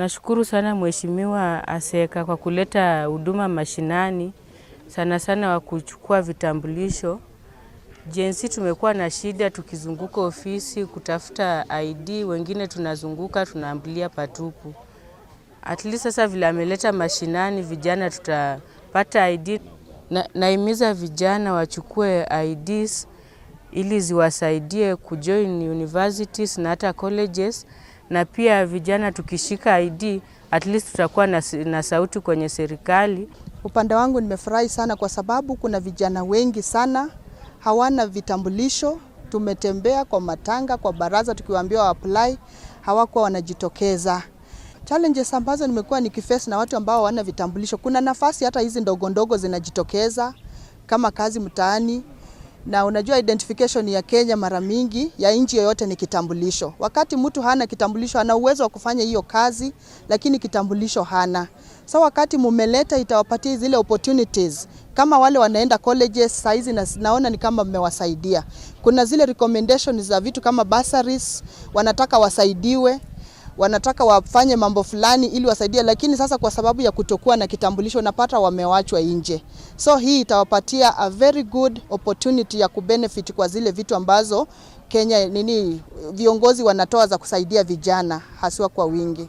Nashukuru sana Mheshimiwa Aseka kwa kuleta huduma mashinani, sana sana wa kuchukua vitambulisho. Jensi tumekuwa na shida tukizunguka ofisi kutafuta ID, wengine tunazunguka tunaambulia patupu. At least sasa vile ameleta mashinani, vijana tutapata ID. Na, naimiza vijana wachukue IDs ili ziwasaidie kujoin universities na hata colleges na pia vijana tukishika ID at least tutakuwa na, na sauti kwenye serikali. Upande wangu nimefurahi sana kwa sababu kuna vijana wengi sana hawana vitambulisho. Tumetembea kwa matanga, kwa baraza, tukiwaambia apply hawakuwa wanajitokeza. Challenges ambazo nimekuwa nikiface na watu ambao hawana vitambulisho, kuna nafasi hata hizi ndogo ndogo zinajitokeza kama kazi mtaani na unajua identification ya Kenya mara mingi ya nchi yoyote ni kitambulisho. Wakati mtu hana kitambulisho, ana uwezo wa kufanya hiyo kazi, lakini kitambulisho hana. So wakati mumeleta, itawapatia zile opportunities kama wale wanaenda colleges saizi, na naona ni kama mmewasaidia. Kuna zile recommendations za vitu kama bursaries, wanataka wasaidiwe wanataka wafanye mambo fulani ili wasaidie, lakini sasa kwa sababu ya kutokuwa na kitambulisho unapata wamewachwa nje. So hii itawapatia a very good opportunity ya kubenefit kwa zile vitu ambazo Kenya nini viongozi wanatoa za kusaidia vijana haswa kwa wingi.